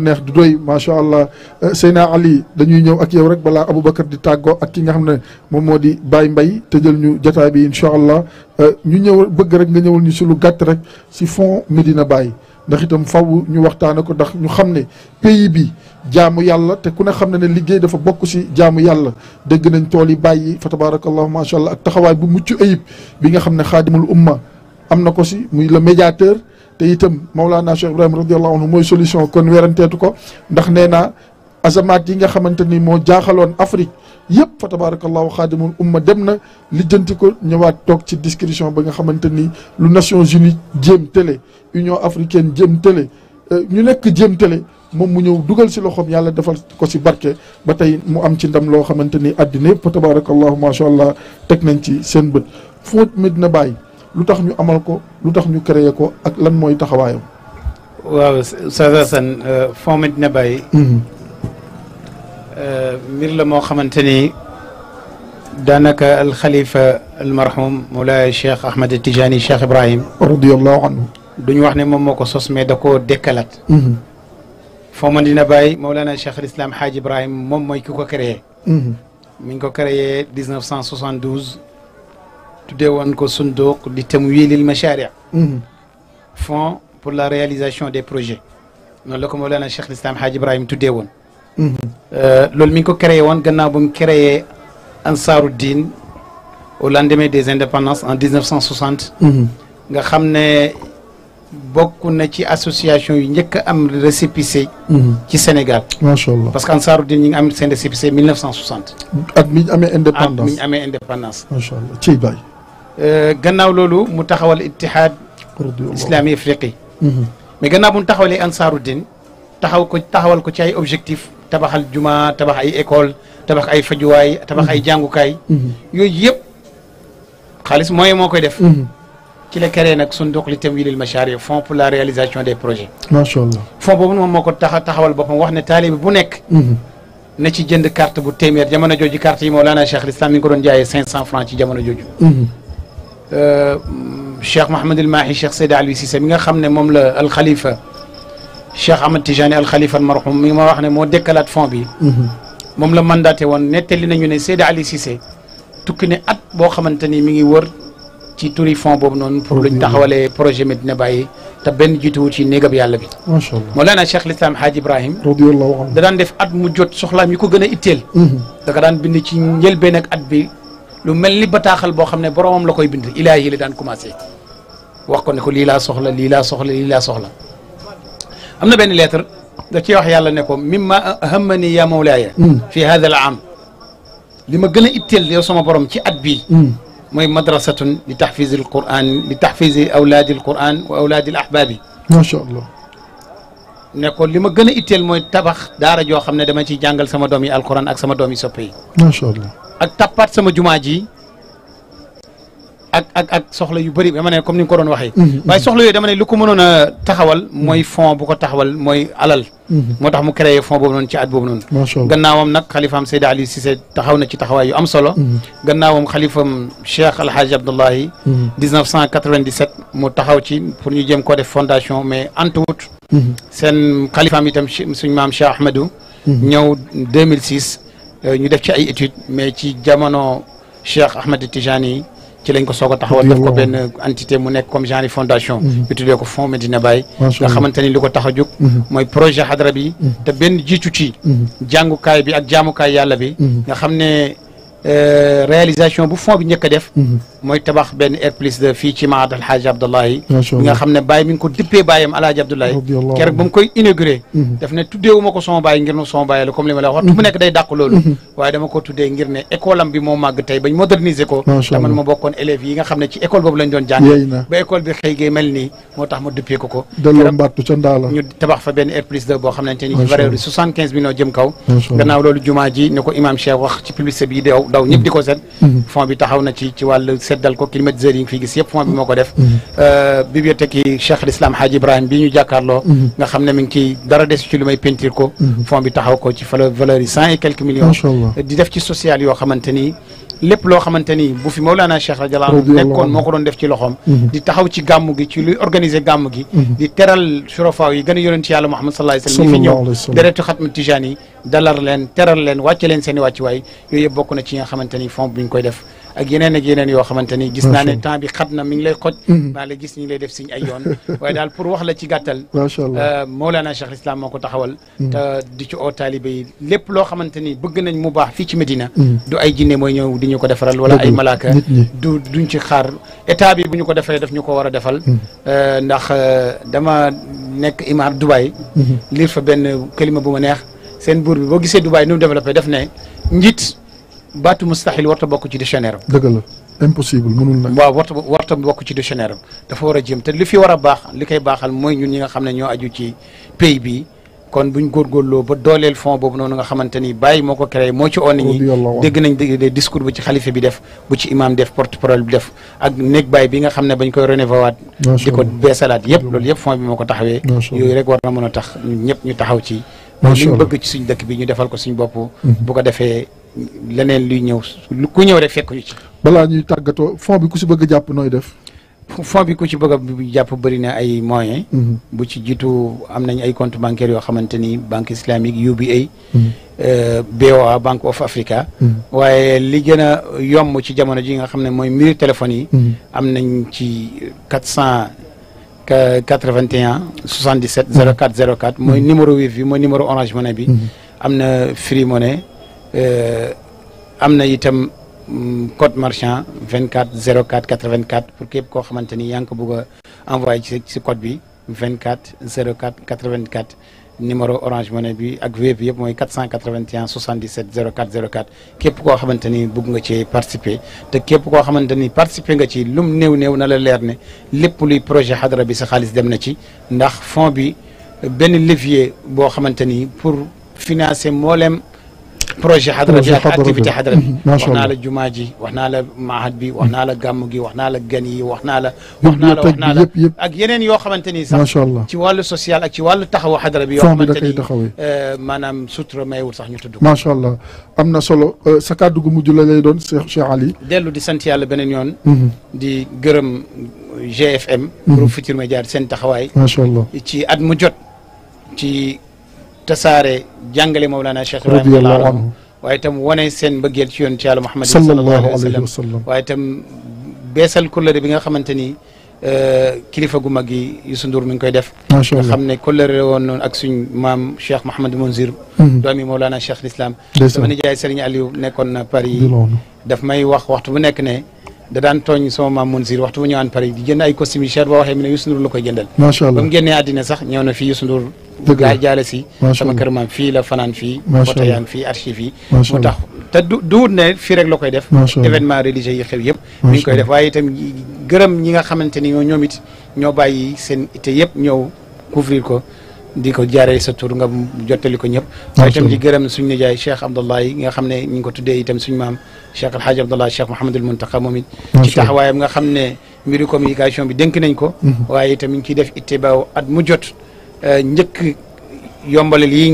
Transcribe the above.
neex du doy macha allah Seyna Ali dañuy ñëw ak yow rek balaa Aboubacar di tàggoo ak ki nga xam ne moom moo di Baye Mbaye ñu jotaay bi incha allah ñu ñëw bëgg rek nga ñëwal ñu si lu gàtt rek si fond Medina Baye ndax itam faw ñu waxtaane ko ndax ñu xam pays bi jaamu yàlla te ku ne xam ne ne dafa bokk si jaamu yàlla dégg nañ tool bàyyi fa tabarakallahu macha allah ak taxawaay bu mucc ayib bi nga xam ne umma am ko si muy le médiateur. te itam Mawlana Cheikh Ibrahima radiallahu anhu mooy solution kon weranteetu ko ndax nee naa azamaat yi nga xamante ni moo jaaxaloon Afrique yëpp fa tabarakallahu xaadimul umma dem na lijjanti ko ñëwaat toog ci discrétion ba nga xamante ni lu Nations Unies jëm télé Union africaine jëm télé euh, ñu nekk jëm télé moom mu ñëw dugal si loxoom yàlla defal ko si barke ba tey mu am ci ndam loo xamante ni àddina yëpp fa tabarakallahu macha allah teg nañ ci seen bët fóot Medina Baye lu tax ñu amal ko lu tax ñu créer ko ak lan mooy taxawaayam. waaw Oustaz Assane fond Médina Baye. mbir la moo xamante ni daanaka alxalifa almarhum Mawlaaya Cheikh Ahmed Tidiane Cheikh Ibrahim. radiyallahu anhu. du ñu wax ne moom moo ko sos mais da koo dekkalaat. fond Médina Baye Mawlaana Cheikh al Islam Haaj Ibrahim moom mooy ki ko créé. mi ngi ko créé 1972. tuddee woon ko sunduuq li tamwiilil machaari mhm. fonds pour la réalisation des projets noonu la ko Mawlana Cheikh Lislam Haaj Ibrahim tuddee woon mhm. euh, loolu mi ngi ko créé woon gannaaw bu créé au lendemain des indépendances en 1960 mhm. nga xam ne na ci association yu njëkk am récépissé ci Sénégal macha allah parce qu'Ansaruddin ñi am seen récépissé 1960 ak mi amé indépendance mi ñu indépendance macha allah ciy gannaaw loolu mu taxawal ittihaad islami afriqi mais gannaaw bu mu taxawalee ansaaru taxaw ko taxawal ko ci ay objectif tabaxal juma tabax ay école tabax ay fajuwaay tabax ay jàngukaay yooyu yëpp xaalis mooy moo koy def ci la créé nag sunduq li tamwilil mashaari fonds pour la réalisation des projets macha allah fonds boobu moom moo ko taxa taxawal boppam wax ne taalibe bu nekk na ci jënd carte bu téeméer jamono jooju carte yi Mawlana Cheikh al mi ngi ko doon jaayee cinq francs ci jamono jooju الشيخ آه، محمد الماحي الشيخ سيد علي سيسي ميغا خامني موم الخليفه الشيخ احمد تيجاني الخليفه المرحوم ميغا واخني مو ديكالات فون بي موم لا مانداتي وون نيتالي نانيو ني سيد علي سيسي توكي ني ات بو خامتاني ميغي وور تي توري فون بوب نون بور لو تاخوالي بروجي ميد نباي تا بن جيتو تي نيغاب يالا بي ما شاء الله مولانا الشيخ الاسلام حاج ابراهيم رضي الله عنه دا دان ديف ات مو جوت سوخلام يكو غنا ايتيل دا دان بيني تي نيل بينك ات بي lu melni bataxal bo xamne boromam la koy bind ilahi li dan commencé wax ko ne ko li la soxla li la soxla li la soxla amna ben lettre da ci wax yàlla ne ko mimma ahammani ya mawlaya fi hadha al am li ma gën yow sama borom ci at bi moy madrasatun li tahfiz al quran li tahfiz awlad al quran wa awlad al ahbab ma sha allah ne ko lima gëna gën moy tabax dara jo xamne dama ci jàngal sama domi al-quran ak sama domi yi ma sha allah ak tapat sama jumaaji ak ak ak soxla yu bari dama ne comme ni ko doon waxe way soxla yu dama ne lu ko meunona taxawal moy fond bu ko taxawal moy alal. motax mu créer fond bobu non ci at bobu non macha allah gannaawam nag xalifaam Seydi Ali Cissé taxaw na ci taxaway yu am solo. gannaawam xalifaam Cheikh El Hadj Abdoulaye. 1997 mu taxaw ci pour ñu jëm ko def fondation mais antuwut. seen xalifaam itam seigne mam Cheikh Ahmadou. ñëw 2006. Euh, ñu def ci ay études mais ci jamono Cheikh Ahmed Tijani yi ci lañ ko soog a taxawal def ko benn entité mu nekk comme genre fondation mhm. ñu tuddee ko Fonds Medina Baye nga xamante ni li ko tax a jóg mhm. mooy projet xadra bi mhm. te benn jiitu ci jàngukaay bi ak jaamukaay yàlla bi nga xam ne réalisation bu fond bi ñëk def. moy tabax ben air plus de fi ci maad al Hadj abdallah macha nga xamne Baye mi ngi ko dippé Baayam El Hadj abdallah kër bu mu koy inaugurer daf ne tuddé wumako son Baye ngir no son Baye comme li ma la wax. waxtu bu nekk day dakk lolu waaye dama ko tuddé ngir ne école am bi mo mag tay bañ moderniser ko. dama ma bokkon élève yi nga xamne ci école bobu lañ doon jàng. ba école bi xëy gee melni motax ma dippé ko ko. delloo mbattu ca Ndaala ñu tabax fa ben air plus de bo xamne ni. macha allah ci valeur 75 millions jëm kaw. gannaaw lolu jumaaji ne ko imam Cheikh wax ci publicité bi deew daw ñëpp di ko set mm-hmm. fond bi taxaw na ci ci wàllu seddal ko climatiseur yi nga fi gis yëpp fond bi moo ko def mm-hmm. euh, bibliothèque yi Cheikh al Islam bi ñu jàkkaarloo mm-hmm. nga xam ne mi ngi ci dara des ci lu may peinture ko fond bi taxaw ko ci valeur yi cent et quelques millions di def ci social yoo xamante ni lépp loo xamante ni bu fi Mawlana Cheikh radiyallahu nekkoon moo ko doon def ci loxoom mhm. di taxaw ci gàmm gi ci luy organiser gàmm gi mhm. di teral surafaaw yi gën a yonent yàlla Muhammad sallallahu alayhi wasallam ñi fi ñëw deretu xatmu tijaan yi dalar leen teral leen wàcce leen seen i wàccuwaay bokk na ci nga xamante ni fond bi ñu koy def أجنان أجنان يو خمنتني جسنا نتام بخدنا من لي قد ما لي جسني لي دفسين أيون ودال بروح لتي قتل ما شاء الله مولانا شيخ الإسلام ما كنت أحاول تديك أو تالي لب لو خمنتني بقنا مباح في مدينة دو أي جنة مو ينو دينيو كده فرال ولا أي ملاك دو دنش خار إتابي بنيو كده فرال دفنيو كوارا دفل نخ دما نك إمام دبي لف بين كلمة بمنيح سين بوربي بقي سين دبي نو دفلا بدفنا نجت baatu mustaxil warta bokk ci dictionnaire am. dëgg la impossible mënul nag. waaw warta warta bokk ci dictionnaire am dafa war a jéem te li fi war a baax li koy baaxal mooy ñun ñi nga xam ne ñoo aju ci pays bi kon buñ góorgóorloo ba dooleel fond boobu noonu nga xamante ni bàyyi moo ko créé moo ci oon ñi dégg nañ discours bu ci xalifa bi def bu ci imam def porte bi def ak néeg baay bi nga xam ne bañ koy rénové waat di ko beesalaat yëpp loolu yëpp fond bi moo ko taxawee yooyu rek war na mën a tax ñëpp ñu taxaw ci liñ bëgg ci suñ bi ñu defal ko suñ bopp mhm. bu ko defee leneen lu ñëw ku ñëw rek fekk ñu ci. balaa ñuy tàggatoo fond bi ku si bëgg jàpp nooy def. fond bi ku ci bëgg a jàpp bëri na ay moyens. Mhm. bu ci jiitu am nañ ay compte bancaire yoo xamante ni banque islamique UBA. Mhm. Euh, BOA Bank of Africa. Mhm. waaye li gën a yomb ci jamono ji nga xam ne mooy mbiru téléphone yi. am nañ ci quatre cent quatre vingt et un mooy numéro Wave bi mooy numéro Orange Money bi. am na Free Money. Euh, am itam mm, code marchand 24 04 84 pour képp koo xamante ni yaa ngi ko a envoyé ci si code bi 24 04 84 numéro orange money bi ak web yëpp mooy 481 77 04 04 képp koo xamante ni bëgg nga ci participer te képp koo xamante ni participer nga ci lum néew néew na la leer ne lépp luy projet xadara bi sa xaalis dem na ci ndax fond bi benn levier boo xamante ni pour financer mboolem. بروجي حضرتي اكتيفيتي حضرتي واحنا على الجماجي واحنا على معهد بي واحنا على جامجي واحنا على غني واحنا على واحنا على واحنا على ak yeneen yoo xamante ni sax ma sha Allah ci wàllu social ak ci wàllu taxawu xadara bi yoo xamante ni maanaam sutura mayewul sax ñu tudd ma sha Allah am na solo sa kàddu gu mujj la lay doon Cheikh Cheikh Ali dellu di sant yàlla beneen yoon di gërëm GFM groupe Futurs Médias seen taxawaay ma sha Allah ci at mu jot ci tasaare jàngale Mawlana Cheikh Ibrahima radiyallahu anhu waaye itam wane seen ba ci yoon ci yàlla Muhammad sallallahu alayhi wa sallam waaye itam beesal kóllëre bi nga xamante ni euh, kilifa gu mag yi Youssou mi ngi koy def nga xam ne kóllëre woon noonu ak suñ maam Cheikh Mahamad Mounzir mhm. doomi Mawlana Cheikh l'Islam sama nijaay Serigne Aliou nekkoon na Paris daf may wax waxtu bu nekk ne da daan tooñ sama maam waxtu bu ñëwaan Paris di jënd ay costume yi cher boo waxee mu ne Youssou Ndour la koy jëndal ba mu génnee àddina sax ñëw na fii Youssou ñu gaa jaale si sama kër maam fii la fanaan fii botayaan fii archive yi mu tax te du duwut ne fii rek la koy def événement religieux yi xew yëpp mi ngi koy def waaye itam gërëm ñi nga xamante ni ñoo ñoom it ñoo bàyyi seen ite yëpp ko di ko jaaree sa tur nga jottali ko ñëpp waaye itam di gërëm suñu nijaay Cheikh Abdallah yi nga xam ne ñu ngi ko tuddee itam suñu maam Cheikh Alhaaj Abdallah Cheikh Mouhamadul Muntaqa moom it ci taxawaayam nga xam bi dénk nañ ko mm-hmm. waaye itam ñu ciy def mu jot njëkk yombalal yi